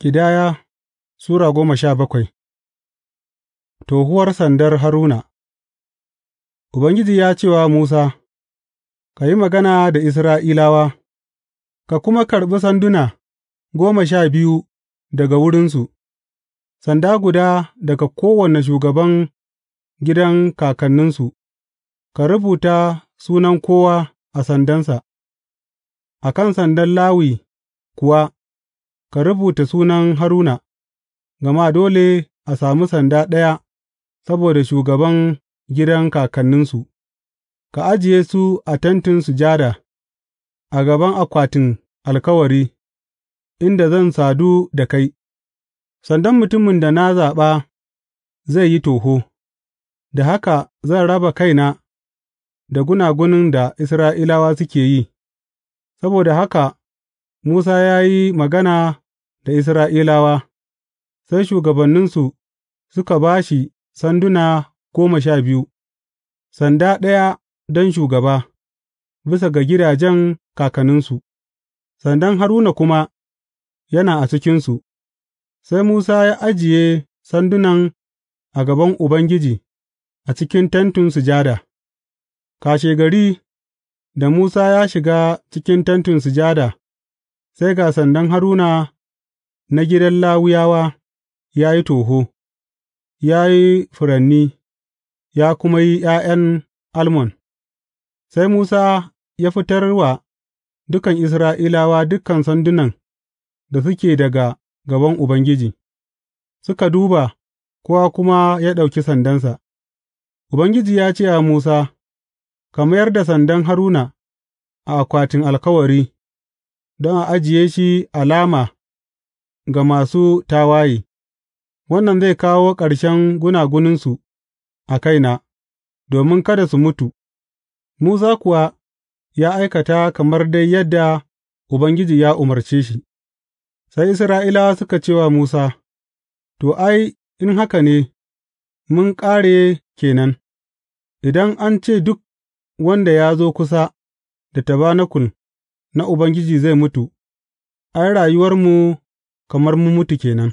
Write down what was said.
Ƙidaya Sura goma sha bakwai Tohuwar sandar Haruna Ubangiji ya ce wa Musa, Ka yi magana da Isra'ilawa, ka kuma karɓi sanduna goma sha biyu daga wurinsu, sanda guda daga kowane shugaban gidan kakanninsu, ka rubuta sunan kowa a sandansa, a kan sandan Lawi kuwa. Ka rubuta sunan Haruna, gama dole a sami sanda ɗaya saboda shugaban gidan kakanninsu, ka ajiye su a Tentin Sujada, a gaban akwatin alkawari, inda zan sadu da kai, sandan mutumin da na zaɓa zai yi toho, da haka zan raba kaina da gunagunin da Isra'ilawa suke yi, saboda haka Musa ya yi magana da Isra'ilawa, sai shugabanninsu suka ba shi sanduna goma sha biyu, sanda ɗaya don shugaba, bisa ga gidajen kakanninsu, sandan Haruna kuma yana a cikinsu, sai Musa ya ajiye sandunan a gaban Ubangiji a cikin Tentin Sujada Kashegari da Musa ya shiga cikin Tentin Sujada, sai ga sandan Haruna na gidan Lawiyawa ya yi toho, ya yi furanni, ya kuma yi ’ya'yan almon, sai Musa ya fitar wa dukan Isra'ilawa dukan sandunan da suke daga gaban Ubangiji, suka duba, kowa kuma ya ɗauki sandansa, Ubangiji ya ce wa Musa, Ka mayar da sandan Haruna a akwatin alkawari, don a ajiye shi alama. ga masu tawaye, wannan zai kawo ƙarshen gunaguninsu a kaina, domin kada su mutu, Musa kuwa ya aikata kamar dai yadda Ubangiji ya umarce shi, sai Isra'ilawa suka ce wa Musa, To, ai, in haka ne, mun ƙare kenan. idan an ce duk wanda ya zo kusa da tabanakul na Ubangiji zai mutu, ai, rayuwarmu kamar mun mutu ke nan.